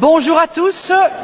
bonjour à tous.